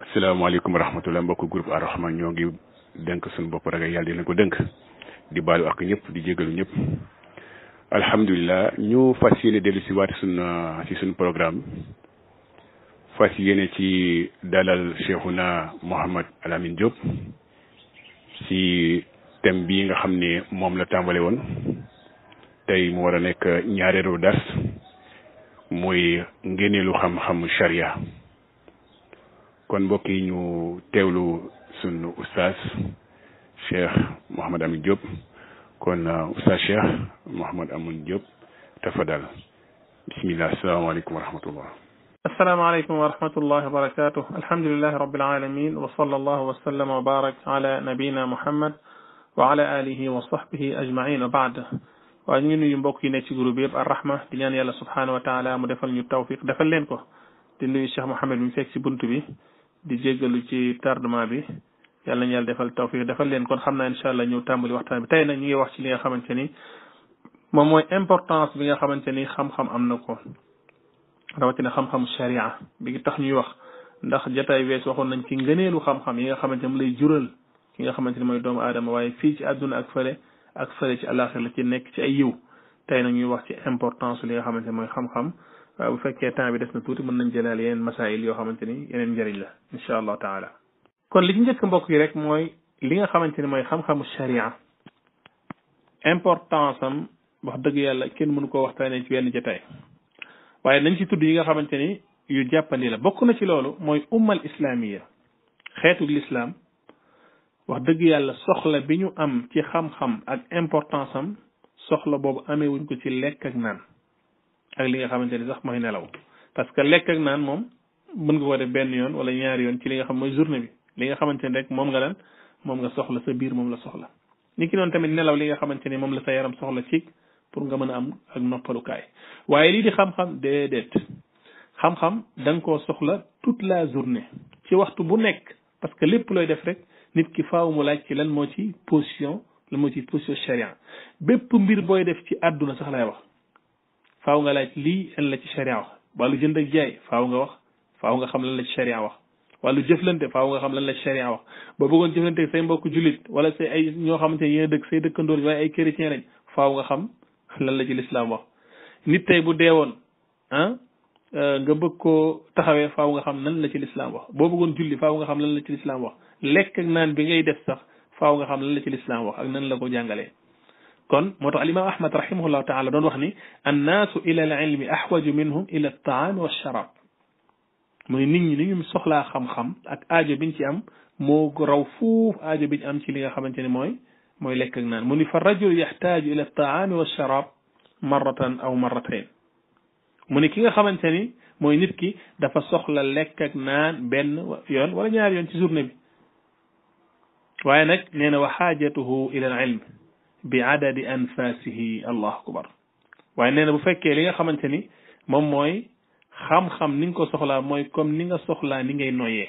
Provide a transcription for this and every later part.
asalaamaaleykum wa rahmatulah mbokk groupe Arrahman ñoo ngi dénk suñu bopp ragal yàlla dina ko dénk di baalu ak ñëpp di jégalu ñëpp alhamdulilah ñu fas yéene dellu si waat suñu si suñu programme fas yéene ci dalal Cheikhouna Mouhamad Alamine Diop si thème bii nga xam ne moom la tàmbale woon tey mu war a nekk ñaareelu dars muy ngéneelu xam-xam charia. kon mbokk yi ñu teewlu sunu oustaz cheikh mohamad amin diop kon euh, oustaz cheikh mohamad amin diop tafadal bismillah assalamualeykum warahmatullah السلام عليكم ورحمة الله وبركاته الحمد لله رب العالمين وصلى الله وسلم وبارك على نبينا محمد وعلى آله وصحبه أجمعين وبعد وأجمعين ينبوكي نيتي غروبيب الرحمة دلاني الله سبحانه وتعالى مدفل نيو التوفيق دفل لينكو دليل الشيخ محمد من فيكسي بنتبي di jéggalu ci tardement bi yàlla nañu defal tawfiq defal leen kon xam naa incha allah ñu tàmbali waxtaan bi tey nag ñu ngi wax ci li nga xamante ni moom mooy importance bi nga xamante ni xam-xam am na ko rawatina xam xam sharia bi ngi tax ñuy wax ndax jotaay wees waxoon nañ ci ngëneelu xam-xam yi nga xamante ni lay jural ki nga xamante ni mooy doomu aadama waaye fii ci àdduna ak fële ak fële ci àllaaxira la ci nekk ci ay yiw tey nag ñuy wax ci importance li nga xamante ni mooy xam-xam bu fekkee temps bi des na tuuti mën nañ jëlaal yeneen masaayil yoo xamante ni yeneen njëriñ la insha allahu taala kon li ci njëkk mbokk yi rek mooy li nga xamante ni mooy xam-xamu sharia importance am wax dëgg yàlla kenn mënu koo waxtaane ci benn jotaay waaye nañ ci tudd yi nga xamante ni yu jàppandi la bokk na ci loolu mooy ummal islamia xeetu lislaam wax dëgg yàlla soxla bi ñu am ci xam-xam ak importance am soxla boobu amee wuñ ko ci lekk ak naan ak li nga xamante ni sax mooy nelaw parce que lekk ak naan moom mën nga ko def benn yoon wala ñaari yoon ci li nga xam mooy journée bi li nga xamante ni rek moom nga lan moom nga soxla sa biir moom la soxla ni ki noonu tamit nelaw li nga xamante ni moom la sa yaram soxla ci pour nga mën a am ak noppalukaay waaye lii di xam-xam déedéet xam-xam da koo soxla toute la journée ci waxtu bu nekk parce que lépp looy def rek nit ki faaw mu laaj ci lan moo ci position lan moo ci position charia bépp mbir booy def ci àdduna sax lay wax faaw nga laaj lii la ci sharia wax jënd ak nga wax faaw nga xam lan la ci sharia wax wàllu jëflante faaw nga xam lan la ci sharia wax ba bëggoon jëflante say mbokk jullit wala say ay ñoo xamante ne yéen dëkk say dëkkandoor waaye ay chrétien lañ faaw nga xam lan la ci lislaam wax nit tey bu deewoon ah euh, nga bëgg koo taxawee faaw nga xam lan la ci lislaam wax boo bëggoon julli faaw nga xam lan la ci lislaam wax lekk ak naan bi ngay def sax faaw nga xam lan la ci lislaam wax ak nan la ko jàngalee kon moo tax alimaam ahmad rahimahullahu taala doon wax ni annaasu ila al ilmi ahwaju minhum ila al taami wa sharab mooy nit ñi li ñu soxlaa xam-xam ak aajo biñ ci am moo raw fuuf aajo biñ am ci li nga xamante ne mooy mooy lekk ak naan mu ni fa rajul yaxtaaju ila al taami wa sharab maratan aw marratain mu ni ki nga xamante ni mooy nit ki dafa soxla lekk ak naan benn yoon wala ñaari yoon ci journée bi waaye nag nee na wa xaajatuhu ila al ilm بعدد انفاسه الله اكبر واي نانا بو فكيه ليغا خامتاني موم موي خام خام نين سوخلا موي كوم نيغا سوخلا ني غاي نويه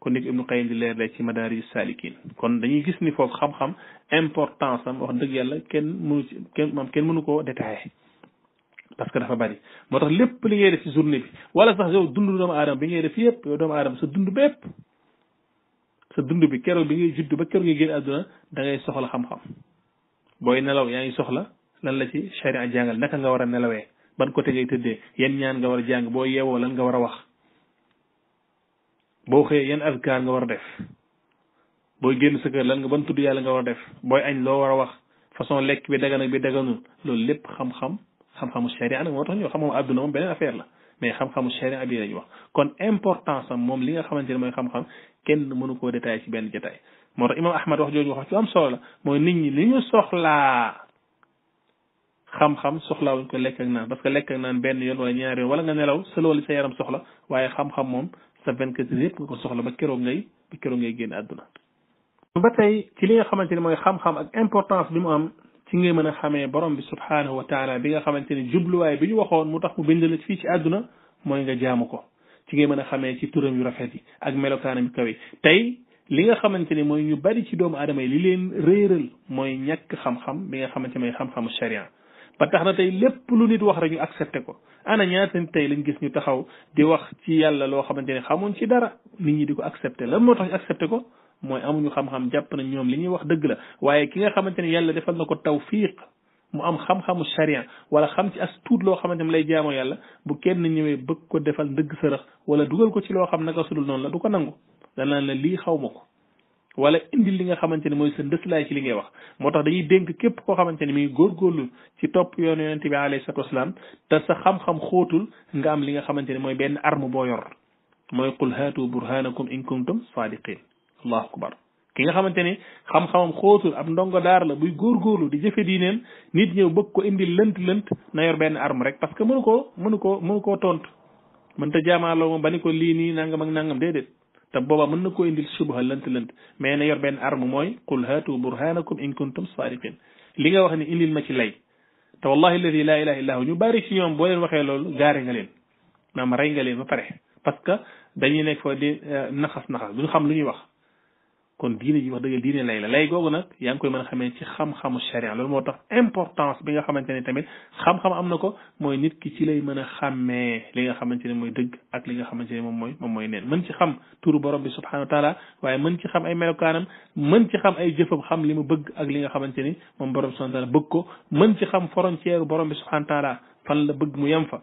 كون نيك ابن قيم دي لير لي سي مدارج السالكين كون داني غيس ني فوف خام خام امبورطانس ام واخ دغ يالا كين مونو كين مام كين مونو كو ديتاي parce que dafa bari motax lepp li ngay def ci journée bi wala sax yow dundu doom adam bi ngay def yépp yow doom adam sa dundu sa dund bi keroog bi ngay judd ba keroog ngay génn àdduna dangay soxla xam-xam booy nelaw yaa ngi soxla lan la ci sharia jàngal naka nga war a nelawee ban côté ngay tëddee yan ñaan nga war a jàng boo yeewoo lan nga war a wax boo xëyee yan azkaar nga war a def booy génn sa lan nga ban tudd yàlla nga war a def booy añ loo war a wax façon lekk bi dagan ak bi daganul loolu lépp xam-xam xam-xamu sharia nag moo tax ñëw xam-xamu àdduna moom beneen affaire la mais xam-xamu sharia bi lañu wax kon importance am moom li nga xamante ne mooy xam-xam kenn mënu koo détaillé ci benn jotaay moo tax imam ahmad wax jooju wax mooy nit ñi li ñu soxlaa xam-xam soxlaawuñ ko lekk ak naan parce lekk naan benn yoon wala wala nga nelaw sa loolu sa yaram soxla waaye xam-xam moom sa vingt-quatre heures yëpp nga ko soxla ba keroog ngay ba keroog ngay génn àdduna ba tey ci li nga xamante ne mooy xam-xam ak importance bi mu am ci ngay mën a xamee borom bi subhaanahu wa taala bi nga xamante ne jubluwaay bi ñu waxoon mu tax mu bind la fii ci àdduna mooy nga jaamu ko ci ngay mën a xamee ci turam yu rafet yi ak melokaanam yu kawe tey li nga xamante ne mooy ñu bari ci doomu aadama yi li leen réeral mooy ñàkk xam-xam bi nga xamante ne mooy xam-xamu sharia ba tax na tey lépp lu nit wax rek ñu accepté ko ana ñaata nit tey lañ gis ñu taxaw di wax ci yàlla loo xamante ne xamuñ ci dara nit ñi di ko accepté lan moo tax ñu accepté ko moy amuñu xam-xam jàpp na ñoom li ñuy wax dëgg la waaye ki nga xamanteni yàlla defal na ko tawfiq mu am xam-xamu sharia wala xam ci as tuut loo xamante ne lay jaamoo yàlla bu kenn ñëwee bëgg ko defal ndëgg sërëx wala dugal ko ci loo xam naka sudul noonu la du ko nangu danaan la lii xaw ko wala indi li nga xamante ne mooy sa ndëslaay ci li ngay wax moo tax dañuy dénk képp koo xamante ne mi ngi góorgóorlu ci topp yoon yonente bi alayhi salatu wasalaam te sa xam-xam xóotul nga am li nga xamante ne mooy benn arme boo yor mooy qul haatu burhanakum in kuntum sadiqin allahu akbar ki nga xamante ni xam-xamam xóotul am ndongo daara la buy góorgóorlu di jëfe diineen nit ñëw bëgg ko indi lënt lënt na yor benn arme rek parce que mënu koo mënu koo mënu koo tontu mën ta jaamaaloo ma ba ni ko lii nii nangam ak nangam déedéet te booba mën na koo indil subha lënt lënt mais na yor benn arme mooy qul haatu burhanakum in kuntum sadiqin li nga wax ni indil ma ci lay te wallahi alladi laa ilaha illa hu ñu bari ci ñoom boo leen waxee loolu gaare nga leen maam rey nga leen ba pare parce que dañuy nekk foofu di euh, naxas naxas duñu xam lu ñuy wax kon diine ji wax dëgg diine lay la lay googu nag yaa ngi koy mën a xamee ci xam-xamu sharia loolu moo tax importance bi nga xamante ne tamit xam-xam am na ko mooy nit ki ci lay mën a xàmmee li nga xamante ne mooy dëgg ak li nga xamante ne moom mooy moom mooy neen mën ci xam turu borom bi subhanahu wa waaye mën ci xam ay melokaanam mën ci xam ay jëfam xam li mu bëgg ak li nga xamante ni moom borom bi subhanahu bëgg ko mën ci xam frontière borom bi subhanahu wa fan la bëgg mu yem fa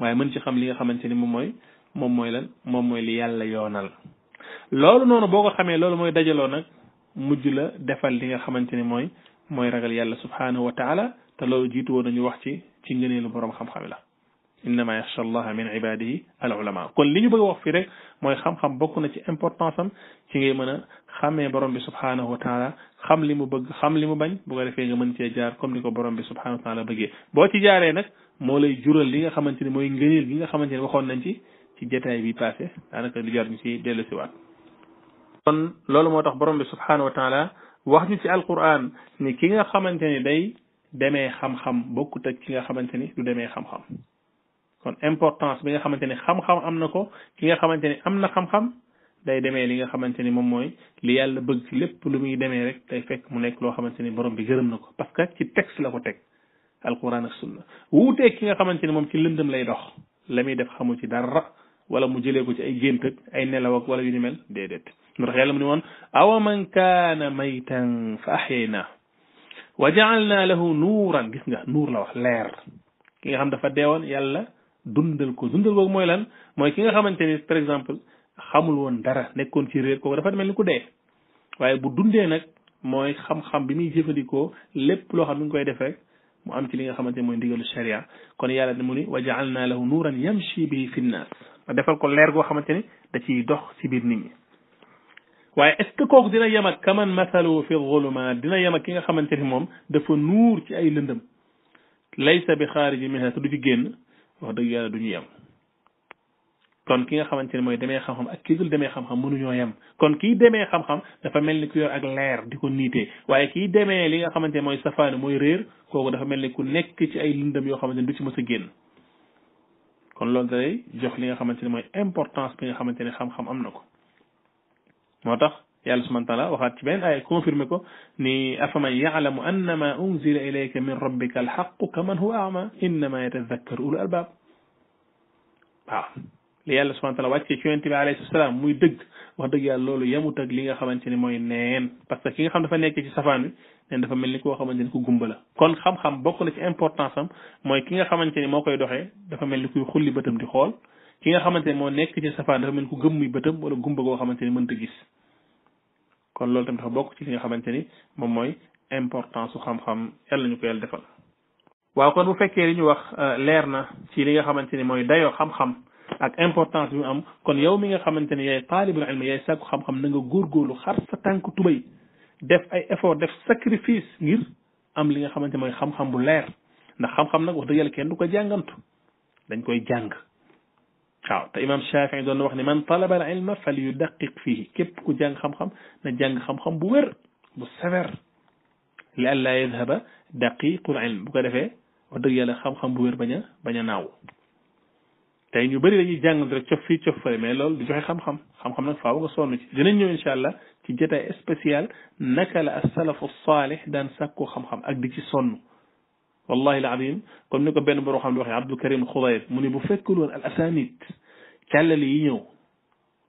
waaye mën ci xam li nga xamante ni moom mooy moom mooy lan moom mooy li yàlla yoonal loolu noonu boo ko xamee loolu mooy dajaloo nag mujj la defal li nga xamante ni mooy mooy ragal yàlla subhanahu wa taala te loolu jiitu woon nañu wax ci ci ngëneelu borom xam-xam la innama yaxsha allaha min ibadihi al ulama kon li ñu bëgg wax fii rek mooy xam-xam bokk na ci importance am ci ngay mën a xàmmee borom bi subhanahu wa taala xam li mu bëgg xam li mu bañ boo ko defee nga mën cee jaar comme ni ko borom bi subhanahu wa taala bëggee boo ci jaaree nag moo lay jural li nga xamante ni mooy ngëneel gi nga xamante ni waxoon nañ ci ci jotaay bi passé daanaka du jar ñu ci dellusiwaat kon loolu moo tax borom bi subhanahu wa wax ñu ci alquran ni ki nga xamante ni day demee xam-xam bokkut ak ki nga xamante ni demee xam-xam kon importance bi nga xamante ni xam-xam am na ko ki nga xamante ni am na xam-xam day demee li nga xamante ni moom mooy li yàlla bëgg ci lépp lu muy demee rek day fekk mu nekk loo xamante ni borom bi gërëm na ko parce que ci texte la ko teg alquran ak sunna wuutee ki nga xamante ni moom ci lëndëm lay dox la muy def xamu ci dara ولا مجلبه أي جنت أي نلواك ولا ينمل ديدت نرجعلم نون أو من كان ميتا فأحينا وجعلنا له نورا قسنا نور له لير كي خمد فديون يالا دندل كو دندل بوك مويلان موي كي خمن تاني فور اكزامبل خامل وون دارا نيكون في رير كو دافا ملني كو دي واي بو دوندي نك موي خام خام بي مي جيفانديكو ليپ لو خام نكوي ديفك مو ام سي ليغا خامن تاني موي ديغال الشريعه كون يالا دموني وجعلنا له نورا يمشي به في الناس defal ko leer goo xamante ni da ciy dox ci biir nit ñi waaye est kooku dina yem ak kaman masalu fi zulumaat dina yem ak ki nga xamante ni moom dafa nuur ci ay lëndëm laysa bi xaariji minha te du ci génn wax dëgg yàlla du ñu yem kon ki nga xamante ni mooy demee xam-xam ak kii dul xam-xam mënuñoo yem kon kii demee xam-xam dafa mel ni ku yor ak leer di ko niite waaye kii demee li nga xamante ni mooy safaani mooy réer kooku dafa mel ni ku nekk ci ay lëndëm yoo xamante ni du ci ma a génn kon loolu day jox li nga xamante ne mooy importance bi nga xamante ne xam-xam am na ko moo tax yàlla subhanahu wa taala waxaat ci benn ay confirmé ko ni afaman yalamu annama unzila ilayka min rabbika alxaqu kaman huwa ama innama yatadakkaru ulul albab waaw li yàlla subhanahu wa taala wàcce ci yonent bi alayhi salaam muy dëgg wax dëgg yàlla loolu yamut ak li nga xamante ni mooy neen parce que ki nga xam dafa nekk ci safaan bi neen dafa mel ni koo xamante ni mooy ki nga xamante ni moo koy doxee dafa mel ni kuy xulli bëtam di xool ki nga xamante ni moo nekk ci safaan dafa mel ni ku gëmmuy bëtam wala gumba goo xamante ni mënta gis kon loolu tamit dafa bokk ci li nga xamante ni moom mooy importance su xam-xam yàlla ñu ko yàlla defal waaw kon bu fekkee li ñu wax euh, leer na ci li nga xamante ni mooy dayoo ak importance bi am kon yow mi nga xamante ne yaay taalibul ilmi yaay sàkku xam-xam na nga góorgóorlu xar sa tànk def ay effort def sacrifice ngir am li nga xamante mooy xam-xam bu leer ndax xam-xam nag wax dëgg kenn du ko jàngantu dañ koy jàng waaw te imam Shafii doon na wax ni man talaba al ilma fal yudaqiq fihi képp ku jàng xam-xam na jàng xam-xam bu wér bu sévère li an laa yadhaba daqiqul ilm bu ko defee wax dëgg yàlla xam-xam bu wér bañ a bañ a naaw tay ñu bari dañuy jàng rek cof fii cof fële mais loolu di joxe xam-xam xam-xam nag faaw nga sonn ci dinañ ñëw incha allah ci jotaay spécial naka la asalafu saalih daan sakku xam xam-xam ak di ci sonn wallahi alazim comme ni ko benn borom xam di waxee abdou karim xudayr mu ne bu fekkul woon al asanit càllal yi ñëw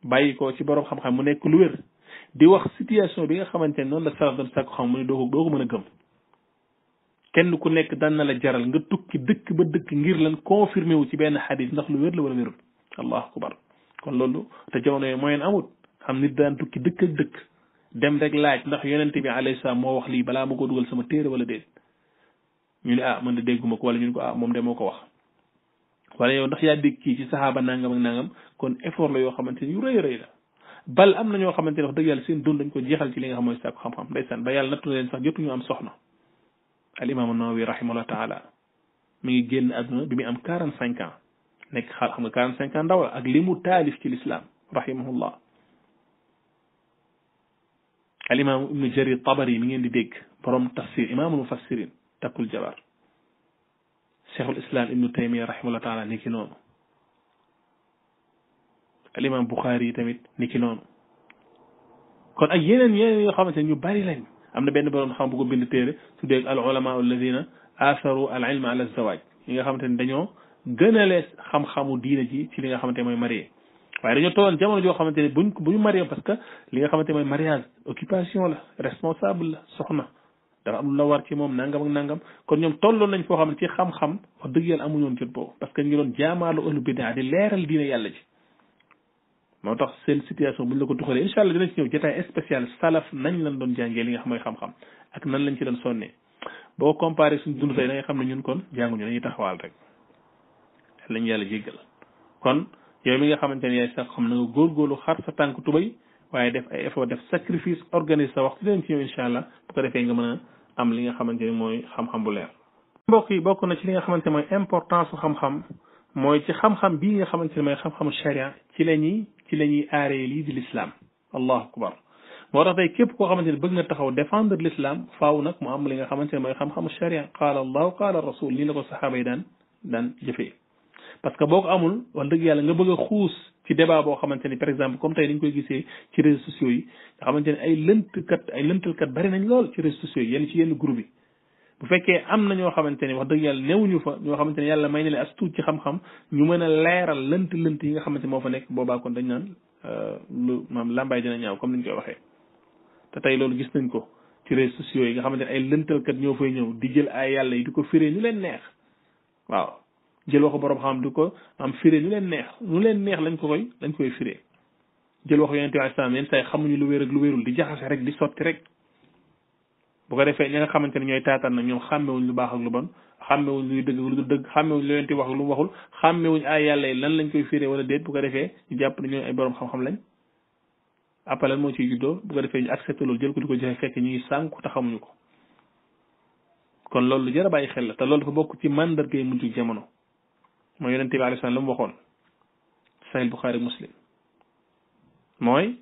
bàyyi ko ci borom xam-xam mu nekk lu wér di wax situation bi nga xamante ne noonu la salaf doon sàkko xam mu ne doo ko doo ko mën a gëm kenn ku nekk daan na la jaral nga tukki dëkk ba dëkk ngir lan confirmé wu ci benn xadis ndax lu wér la war wala wérul allahu akbar kon loolu te jamono yooyu mooy amut xam nit daan tukki dëkk dëkk dem rek laaj ndax yonent bi alayhi salaam moo wax lii balaa ma ko dugal sama téere wala déet ñu ne ah man de dégguma ko wala ñu ne ko ah, moom de ko wax wala yow ndax yaa dégg kii ci saxaaba nangam ak nangam kon effort yoo xamante ni yu rëy rëy na ñoo xamante ne wax dëgg yàlla seen ko jeexal ci li nga xam mooy sàkku xam-xam ndeysaan ba yàlla nattu leen sax ñu am soxna الإمام النووي رحمه الله تعالى من جيل أدنى بمئة أم كارن سنكا نك خال خم كارن سنكا دولة أقلم تالف في الإسلام رحمه الله الإمام ابن جرير الطبري من يندي ديك بروم تفسير إمام المفسرين تقول جبر شيخ الإسلام ابن تيمية رحمه الله تعالى نيكي نون الإمام بخاري تميت نيكي نون كون أيين يين يخافن سنجو باري لين amna benn borom xam bu ko bind téere tuddee al ulama alladina atharu al ilma ala zawaj yi nga xamante ne dañoo gënale xam-xamu diine ji ci li nga xamante mooy marié waaye dañoo tolloon jamono joo xamante ne buñ bu marié parce que li nga xamante mooy mariage occupation la responsable la soxna dara am la war ci moom nangam ak nangam kon ñoom tolloon nañ foo xam ne ci xam-xam wax dëgg yàlla amuñoon jot boobu parce que ñu doon jaamaalu ëllu bidaa di leeral diine yàlla ji moo tax seen situation bu la ko tuxalee incha allah dina ci ñëw jotaay spécial salaf nañ lañ doon jàngee li nga xam mooy xam-xam ak nan lañ ci doon sonnee boo comparé suñ dund tey da nga xam ne ñun kon jànguñu dañuy taxawaal rek lañ yàlla jéggal kon yow mi nga xamante ne yaay sax xam na góor góorgóorlu xar sa tànk tubay waaye def ay effort def sacrifice organise sa waxtu dinañ ci ñëw incha allah bu ko defee nga mën a am li nga xamante ne mooy xam-xam bu leer. mbokk yi bokk na ci li nga xamante ne importance su xam-xam mooy ci xam-xam bii nga xamante ne mooy xam-xamu sharia ci la ñuy ci la ñuy aaree lii di l'islam allahu akbar moo tax tey képp koo xamante ni bëgg na taxaw défendre l'islam faaw nag mu am li nga xamante ne mooy xam-xamu sharia qaala allahu qaala rasul nii la ko saxaaba yi daan daan jëfee parce que boo ko amul wax dëgg yàlla nga bëgg a xuus ci débat boo xamante ni par exemple comme tey dañ koy gisee ci réseaux sociaux yi nga xamante ne ay lëntkat ay lëntalkat bari nañ lool ci réseaux sociaux yi yenn ci yenn groupe yi bu fekkee am na ñoo xamante ne wax dëgg yàlla newuñu fa ñoo xamante ne yàlla may na leen as tuut ci xam-xam ñu mën a leeral lënt lënt yi nga xamante moo fa nekk boobaa kon dañ naan euh, lu maam làmbaay dina ñaaw comme ni ñu koy waxee te tey loolu gis nañ ko ci réseaux yi nga xamante ne ay lëntalkat ñoo fay ñëw di jël ay yàlla yi di ko firee ñu leen neex waaw jël waxu borom xam di ko am firee ñu leen neex ñu leen neex lañ ko koy lañ koy firee jël waxu yonente bi alayhi saa yi xamuñu lu wér ak lu wérul di jaxase rek di sotti rek bu ko defee ñi nga xamante ne ñooy taataan na ñoom xàmmewuñ lu baax ak lu bon xàmmewuñ luy dëgg lu du dëgg xàmmewuñ lu leen di wax lu mu waxul xàmmewuñ ay yàlla yi lan lañ koy firé wala déet bu ko defee ñu jàpp ne ñooy borom xam lañ après lan moo ciy juddoo bu ko defee ñu accepté loolu jël ko di ko joxe fekk ñu ngi sànku te xamuñu ko kon loolu lu jar bàyyi xel la te loolu dafa bokk ci mandarga yi mujj jamono mooy yonente bi alayhi salaam la mu waxoon sahih Bukhari muslim mooy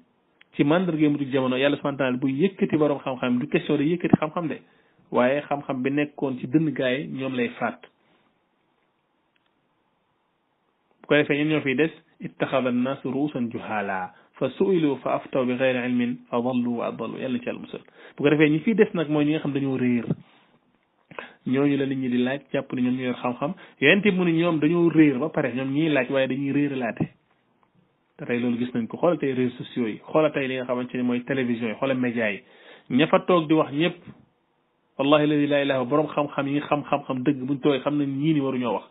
ci mandarga mujj jamono yàlla subhanahu wa taala bu yëkkati borom xam-xam du question de yëkkati xam-xam de waaye xam-xam bi nekkoon ci dënn gaa ñoom lay faat bu ko defee ñoo fiy des ittaxada annaasu ruusan juhaala fa suilu fa bi xeyri ilmin fa dallu wa adallu yàlla ci àll ko defee ñi fiy des nag mooy ñi nga xam dañoo réer ñooñu la nit ñi di laaj jàpp ne ñoom ñu yor xam-xam yonent bi mu ñoom dañoo réer ba pare ñoom ñiy laaj waaye dañuy réeralaate te tey loolu gis nañ ko xoolal tey sociaux yi xoolal li nga xamante ne mooy télévision yi xoolal média yi ña toog di wax ñëpp wallahi la ilaha illa borom xam-xam yi xam-xam-xam dëgg buñ toogee xam nañ ñii ni waruñoo wax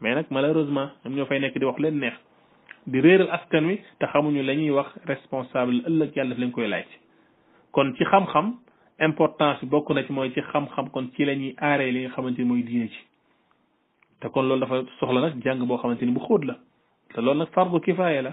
mais nag malheureusement ñoom ñoo fay nekk di wax leen neex di réeral askan wi te xamuñu la ñuy wax responsable ëllëg yàlla daf koy laaj kon ci xam-xam importance bokk na mooy ci xam-xam kon ci la ñuy aaree li nga xamante ni mooy diine te kon loolu dafa soxla nag jàng boo xamante ni bu xóot la te loolu nag fardu kifaaya la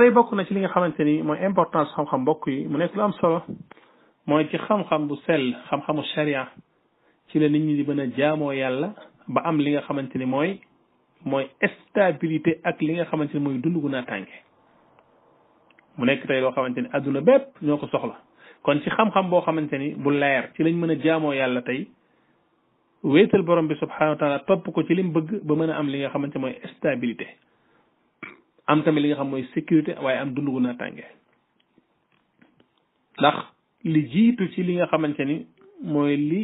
tey bokk na ci li nga xamante ni mooy importance xam-xam mbokk yi mu nekk lu am solo mooy ci xam-xam bu sell xam-xamu sharia ci la nit ñi di mën a jaamoo yàlla ba am li nga xamante ni mooy mooy stabilité ak li nga xamante ni mooy dund gu naa tànke mu nekk tey loo xamante ni adduna bépp ñoo ko soxla kon ci xam-xam boo xamante ni bu leer ci lañ mën a jaamoo yàlla tey wéetal borom bi subhanahu wa topp ko ci lim bëgg ba mën a am li nga xamante mooy stabilité am tamit li nga xam mooy sécurité waaye am dund gu naataange ndax li jiitu ci li nga xamante ni mooy li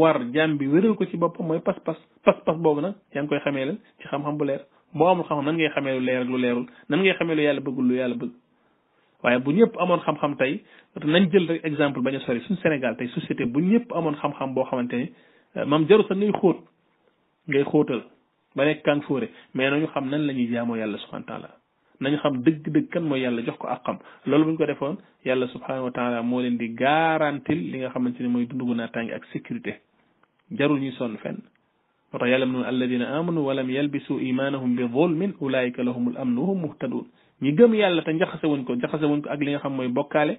war jaam bi wéral ko ci boppam mooy pas-pas pas-pas boobu nag yaa ngi koy xamee la ci xam-xam bu leer boo amul xam-xam nan ngay xamee lu leer ak lu leerul nan ngay xamee lu yàlla bëggul lu yàlla bëgg waaye bu ñëpp amoon xam-xam tey nañ jël rek exemple bañ a sori suñ Sénégal tey société bu ñëpp amoon xam-xam boo xamante ni euh, maam jarul sax ngay xóot ngay xóotal ba nekk mais nañu xam nan la ñuy jaamoo yàlla subhanahu nañu xam dëgg-dëgg kan mooy yàlla jox ko àqam loolu bu ñu ko defoon yàlla subhanahu wa taala moo leen di garantil li nga xamante ne mooy dund gu naataange ak sécurité jarul ñuy sonn fenn moo tax yàlla mu ne alladina amanu lam yalbisu imanahum bi dhulmin ulaika lahum al amnu hum muhtadun ñi gëm yàlla te njaxase wuñ ko njaxase wuñ ko ak li nga xam mooy bokkaale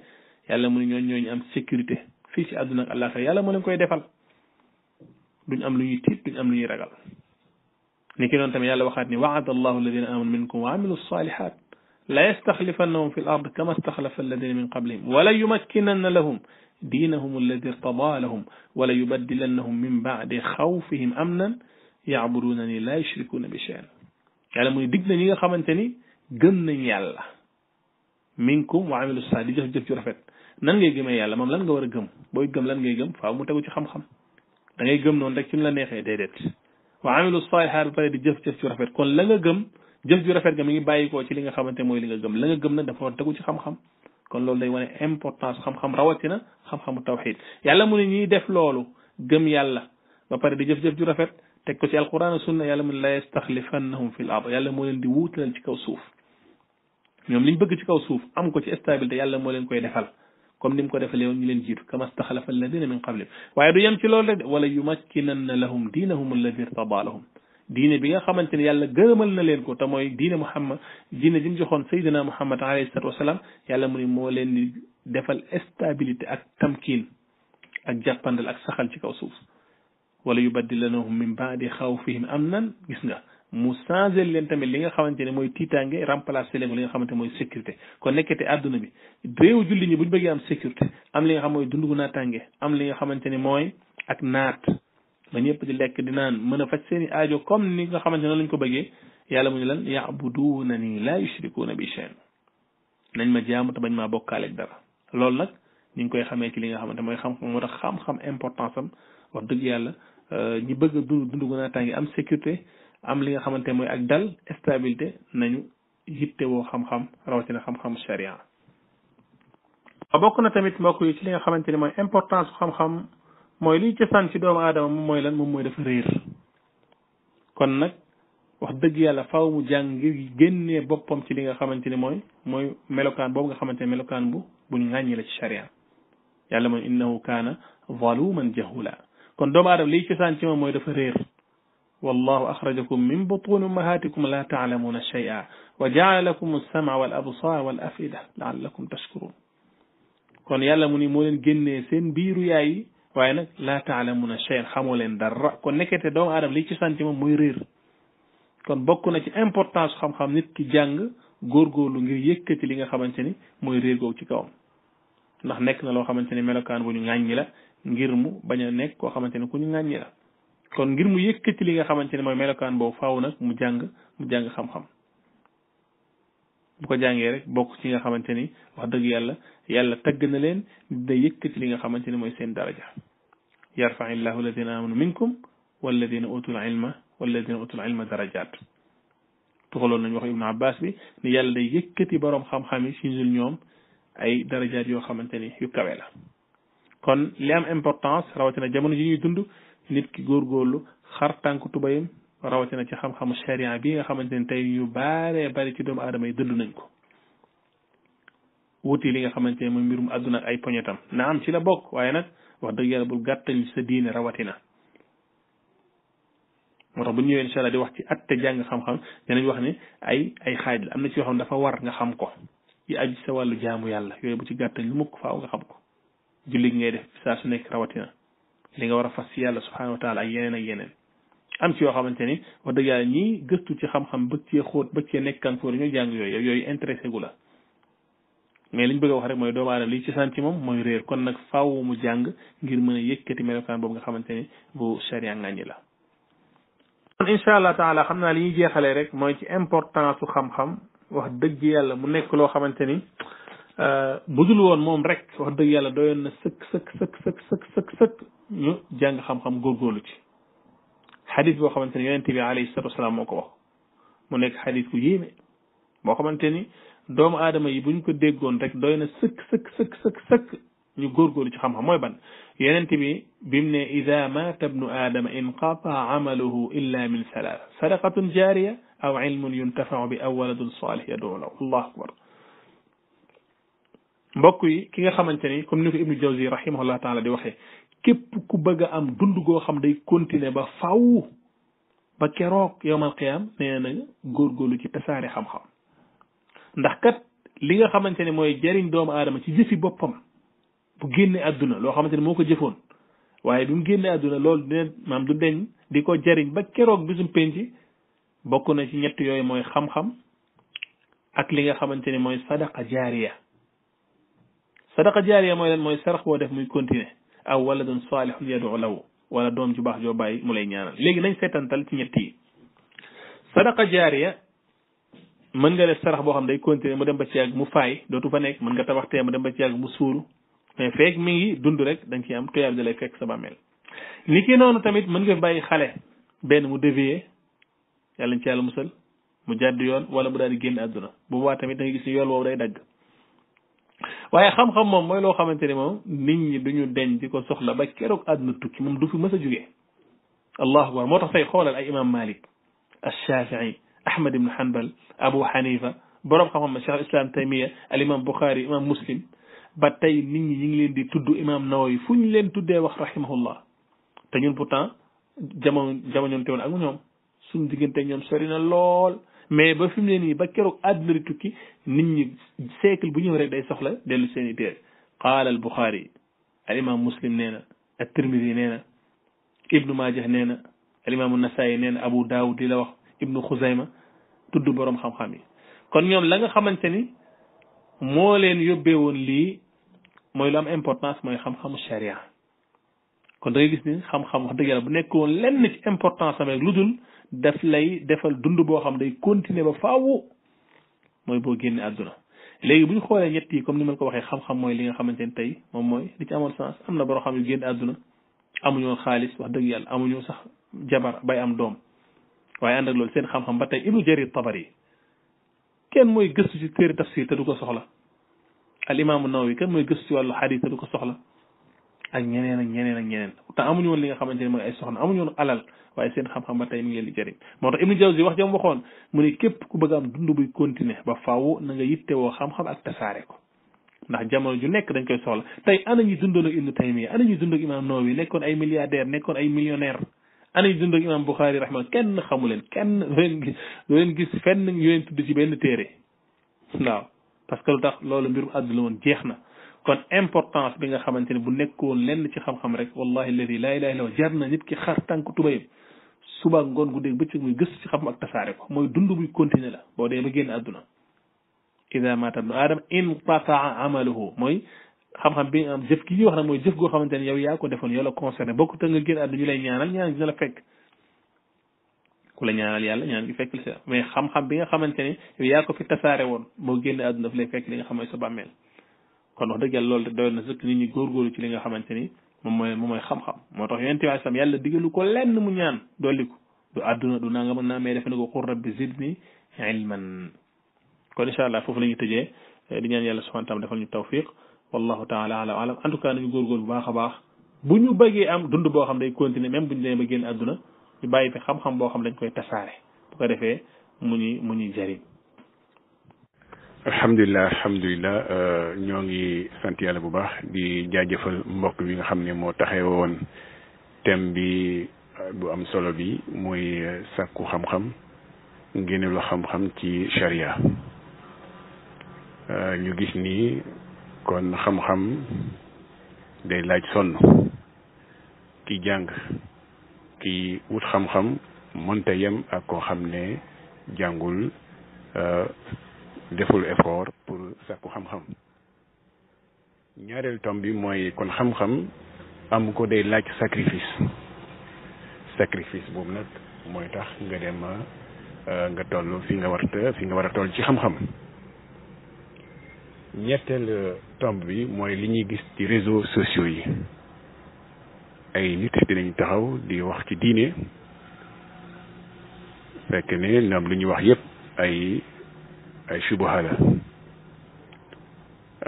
yàlla mu ñoo ñooñ ñooñu am sécurité fii ci àdduna ak àllaaxira yàlla moo leen koy defal duñ am lu ñuy tiit duñ am lu ñuy ragal لكن أنت من يالله وخاتني وعد الله الذين آمنوا منكم وعملوا الصالحات لا يستخلفنهم في الأرض كما استخلف الذين من قبلهم ولا يمكنن لهم دينهم الذي ارتضى لهم ولا يبدلنهم من بعد خوفهم أمنا يعبرونني لا يشركون بشيء يعني من يدقنا نيغا خمنتني قمنا يالا منكم وعملوا الصالحات جف جف جرفت نان غي غيم يالا مام لان غا ورا غم بوي غم لان غي غم فاو مو تيغو سي خم خم دا غي غم نون رك سين لا نيهي ديدت wa amilu saalihaat ba pare di jëf-jëf ju rafet kon la nga gëm jëf ju rafet nga mi ngi bàyyikoo ci li nga xamante mooy li nga gëm la nga gëm nag dafa war tegu ci xam-xam kon loolu day wane importance xam-xam rawatina xam-xamu tawxid yàlla mu ne ñuy def loolu gëm yàlla ba pare di jëf-jëf ju rafet teg ko ci alquran ak sunna yàlla mu ne la yastaxlifannahum fi l ard yàlla moo leen di wuutalal ci kaw suuf ñoom ñu bëgg ci kaw suuf am ko ci stabilité yàlla moo leen koy defal comme nim mu ko defalee ñu leen jitu kama staxlafa alladina min qablihim waaye du yam ci loolu rek wala yumakkinanna lahum diinahum alladhi tabalahum lahum diine bi nga xamanteni yàlla geureumal na leen ko ta moy diine Muhammad diine jim joxon sayyidina Muhammad alayhi salatu wasalam yàlla mu ne moo leen di defal stabilité ak tamkin ak jàppandal ak saxal ci kaw suuf wala yubaddilanahum min ba'di khawfihim amnan gis nga mu changer leen tamit li nga xamante ne mooy tiitaange remplacer leen li nga xamante mooy sécurité kon nekkete àdduna bi réew julli ñi bu ñu bëggee am sécurité am li nga xam mooy dund gu naataange am li nga xamante ne mooy ak naat ba ñëpp di lekk di mën a faj seen i aajo comme ni nga xamante ne lañ ko bëggee yàlla mu ñu lan yaabuduuna nii laa yushrikuuna bi shay'an nañ ma jaamu te bañ maa bokkaaleeg dara loolu nag ñu ngi koy xamee ci li nga xamante mooy xam-xam moo tax xam-xam importance am wax dëgg yàlla euh, ñi bëgg a dund dund gu naataange am sécurité am li nga xamante mooy ak dal stabilité nañu yittewoo xam-xam rawatina xam-xam sharia bokk na tamit mbokk yi ci li nga xamante ni mooy importance xam-xam mooy liy cosaan ci doomu aadama moom mooy lan moom mooy dafa réer kon nag wax dëgg yàlla faaw jàng ngir boppam ci li nga xamante ni mooy mooy melokaan boobu nga xamante melokaan bu buñ ŋàññi la ci sharia yàlla mooy innahu kaana zaluman jahula kon doomu aadama liy cosaan ci moom mooy dafa réer والله أخرجكم من بطون أمهاتكم لا تعلمون شيئا وجعل لكم السمع والأبصار والأفئدة لعلكم تشكرون كون يعلمون مول الجن سن بيرو ياي وينك لا تعلمون شيئا خمولن در كون نكت دوم آدم ليكي سانتي مو مويرير كون بوكو نتي امبورتانس خم خم نيت كي جانغ غورغولو غير ييكتي ليغا خامتيني موي ريغو سي كاوم ناخ نيك نا لو خامتيني ملوكان بو ني غاني لا غير مو باغا نيك كو خامتيني كو ني غاني لا kon ngir mu yëkkati li nga xamante ne mooy melokaan boobu faaw nag mu jàng mu jàng xam-xam bu ko jàngee rek bokk ci nga xamante ni wax dëgg yàlla yàlla tagg na leen da yëkkati li nga xamante ni mooy seen daraja yarfai llahu alladina amanu minkum walladina utul ilma walladina utul ilma darajaat tuxaloon nañu wax ibnu abbas bi ni yàlla day yëkkati boroom xam-xam yi si ñun ñoom ay darajaat yoo xamante ni yu kawe la kon li am importance rawatina jamono ji ñuy dund nit ki góor góorlu xar tànk tubayam rawatina ci xam-xamu sharia bi nga xamante ne tey yu baaree bari ci doomu aadama yi dëdd nañ ko wuti li nga xamante ne mooy mbirum àdduna ay poñetam na am ci la bokk waaye nag wax dëgg yàlla bul gàttañ sa diine rawatina moo tax bu ñëwee incha allah wax ci atte jàng xam-xam dinañ wax ne ay ay am na ci yoo xam dafa war nga xam ko yi sa wàllu jaamu yàlla yooyu bu ci gàttañ lu mukk faaw nga xam ko julli ngay def saa su nekk rawatina li nga war a fas ci yàlla subhanahu wa ak yeneen ak yeneen am ci yoo xamante ni wax dëgg yàlla ñii gëstu ci xam-xam bëgg xóot bëgg cee nekk kankoor ñu jàng yooyu yooyu intéressé gu la mais liñ bëgg a wax rek mooy doomu aadama ci sant ci moom mooy réer kon nag faaw mu jàng ngir mën a yëkkati melokaan boobu nga xamante ni bu sharia ngañi la kon incha naa li jeexalee rek mooy ci importance su xam-xam wax dëgg yàlla mu nekk loo xamante ni euh, budul woon moom rek wax dëgg yàlla doyoon na sëkk sëkk sëkk sëkk sëkk sëkk ñu jàng xam-xam gor gorlu ci hadith bo xamanteni yenen tibbi alayhi salatu wassalam moko wax mu nek hadith ku yeme bo xamanteni ni doomu aadama yi buñ ko deggon rek doyna seuk seuk seuk seuk seuk ñu gor gorlu ci xam-xam moy ban yenen tibbi bim ne ida mata bnu in qata amaluhu illa min salat sadaqatun jariya aw ilmun yuntafau bi aw waladun saalih yaduu lahu allahu akbar mbokk yi ki nga xamanteni comme ni ko ibnu jawzi rahimahullah taala di waxe képp ku bëgg a am dund goo xam day continuer ba faw ba keroog yowmal qiyaam nee na góorgóorlu ci tasaare xam-xam ndax kat li nga xamante ne mooy jariñ doomu aadama ci jëfi boppam bu génne àdduna loo xamante ne moo ko jëfoon waaye bi génne àdduna loolu maam du deñ di ko jariñ ba keroog bisum penc bokk na ci ñett yooyu mooy xam-xam ak li nga xamante ne mooy sadaqa jaariya sadaqa jaariya mooy lan mooy sarax boo def muy continuer aw waladun saalihun yad'u lahu wala doom ju baax joo bàyyi mu lay ñaanal léegi nañ seetantal ci ñett yi sadaqa jaariya mën nga def sarax boo xam day continuer mu dem ba ci yàgg mu faay dootu fa nekk mën nga tabax tee dem ba ci yàgg mu suulu mais feek mi ngi dund rek da nga am toyaab da lay fekk sa bàmmeel ni ki noonu tamit mën nga bàyyi xale benn mu dévier yàlla ñu ci yàlla musal mu jàdd yoon wala mu daal di génn àdduna bu boobaa tamit da nga gis ni yoon woowu day dagg waye xam-xam mom moy lo xamanteni mom nit ñi duñu deñ diko soxla ba kérok aduna tukki mom du fi mësa a jógee allahu akbar motax tax say xoolal ay imam malik ash-shafi'i ahmad ibn hanbal abu hanifa borom xam-xam cheikh islam taymiya al imam bukhari imam muslim ba tay nit ñi ñi ngi leen di tuddu imam nawawi fuñ leen tuddé wax rahimahullah te ñun pourtant jamono jamono ñu téwon ak ñoom suñu digënté ñoom sori na lool mais ba fi mu ne nii ba keroog àdduna di tukki nit ñi siècle bu ñëw rek day soxla dellu seeni téere qaala al buxaari al imam muslim nee na at nee na ibnu maajah nee na al imaamu nasaayi nee na abu daawud di la wax ibnu xuzayma tudd boroom xam-xam yi kon ñoom la nga xamante ni moo leen yóbbee woon lii mooy lu am importance mooy xam-xamu sharia kon da ngay gis xam-xam wax dëgg bu nekk woon lenn ci importance am rek lu dul daf lay defal dund boo xam day continuer ba faawu mooy boo génne àdduna léegi bu ñu xoolee ñett yi comme ni ma ko waxee xam-xam mooy li nga xamante ne tey moom mooy li amoon sens am na boo xam yu génne àdduna amuñu xaalis wax dëgg yàlla amuñu sax jabar bay am doom waaye ànd loolu seen xam-xam ba tey ibnu jarir yi kenn mooy gëstu ci téere tafsir te du ko soxla al imaamu yi kenn mooy gëstu ci wàllu xadiis te du ko soxla ak ñeneen ak ñeneen a ñeneen te amuñu woon li nga xamante ne mooy ay soxna amuñu woon alal waaye seen xam-xam ba tey mi ngi leen di jëriñ moo tax Ibnu Jawzi ku bëgg am dund buy continuer ba faaw na xam-xam ak tasaare ko ndax jamono ju nekk dañ koy soxla tey ana ñi dundoon ak Ibnu Taymiya ana ñi dund ak Imam Nawawi nekkoon ay milliardaire nekkoon ay millionnaire ana ñi dund ak Imam Bukhari kenn xamu leen kenn leen leen gis fenn ñu tudd ci benn téere waaw parce que lu tax loolu mbirum àdduna woon jeex na kon importance bi nga xamante ne bu nekkoon lenn ci xam-xam rek wallahi alladi laa ilaha illa jar na nit ki xar tànk tubayam suba ngoon guddeeg bëccëg muy gëstu ci xam ak tasaare ko mooy dund buy continuer la boo dee ba génn àdduna ida mata ibnu aadama inqataa amaluhu mooy xam-xam bi nga am ñuy wax nag mooy jëf xamante ne yow yaa ko defoon yow la concerné bokku te nga génn ñu lay ñaanal ñaan dina la fekk ku la ñaanal yàlla ñaan gi fekk la mais xam-xam bi nga xamante yaa ko fi tasaare woon boo génn àdduna daf lay fekk li xam ne sa bàmmeel kon wax dëgg yàlla loolu doyoon na sëkk nit ñi góorgóorlu ci li nga xamante ni moom mooy moom mooy xam-xam moo tax yonent bi sam yàlla digalu ko lenn mu ñaan dolli ko du àdduna du nangam naa mais def na ko qul rabbi zidni ilman kon incha allah foofu la ñu tëjee di ñaan yàlla subhanahu wa taala defal ñu tawfiq wallahu taala ala alam en tout cas nañu góorgóorlu bu baax a baax bu ñu bëggee am dund boo xam day continuer même bu ñu demee ba génn àdduna ñu bàyyi fi xam-xam boo xam dañ koy tasaare bu ko defee mu ñuy mu ñuy jariñ alhamdulilah alhamdulilah euh, ñoo ngi sant yàlla bu baax di jaajëfal mbokk bi nga xam ne moo taxee woon thème bi euh, bu am solo bi mooy euh, sàkku xam-xam ngeen lu xam-xam ci sharia ñu gis ni kon xam-xam day laaj sonn ki jàng ki wut xam-xam mënta yem ak koo xam ne jàngul deful effort pour sa xam-xam a bi kon xam am ko day laaj sacrifice sacrifice boobu nag mooy tax nga dem euh, nga toll fi nga fi nga a toll ci euh, tomb bi li gis ci réseaux sociaux yi ay nit dinañ taxaw di wax ci ay subaha la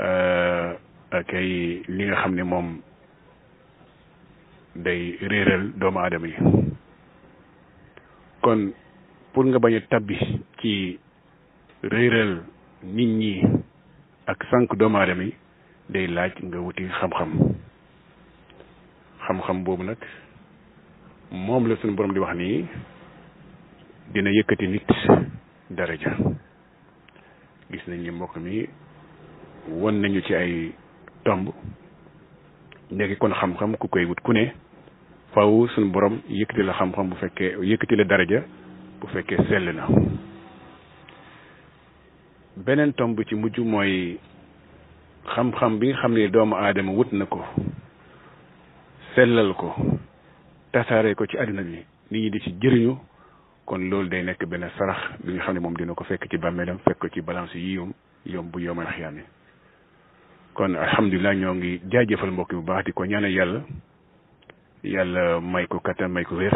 euh, akay li nga xam ni moom day réeral doomu aadama yi kon pour nga bañ a tabbi ci réeral nit ñi ak sànq doomu aadama yi day laaj nga wuti xam-xam xam-xam boobu nag moom la suñu borom di wax nii dina yëkkati nit daraja gis nañ ni mbokk mi won nañu ci ay tomb léegi kon xam-xam ku koy wut ku ne faw suñu borom yëkkati la xam-xam bu fekkee yëkkati la daraja bu fekkee sell na beneen tomb ci mujj mooy xam-xam bi nga xam ne doomu aadama wut na ko sellal ko tasaare ko ci àdduna bi nit ñi di ci jëriñu kon loolu day nekk benn sarax bi nga xam ne moom dina ko fekk ci bàmmeelam fekk ko ci balance yiwum yom bu yomal xiyaame kon alhamdulilah ñoo ngi jaajëfal mbokk bu baax di ko ñaanal yàlla yàlla may ko kattan may ko wér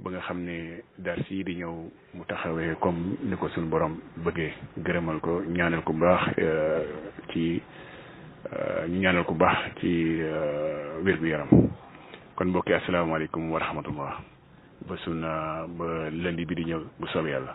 ba nga xam ne dars yi di ñëw mu taxawee comme ni ko suñu borom bëggee gërëmal ko ñaanal ko baax euh, ci euh, ñu ñaanal ko baax ci euh, wér gu yaram kon mbokki asalaamaaleykum wa rahmatullah ba suna ah, ba lundi bi di ñëw bu yàlla.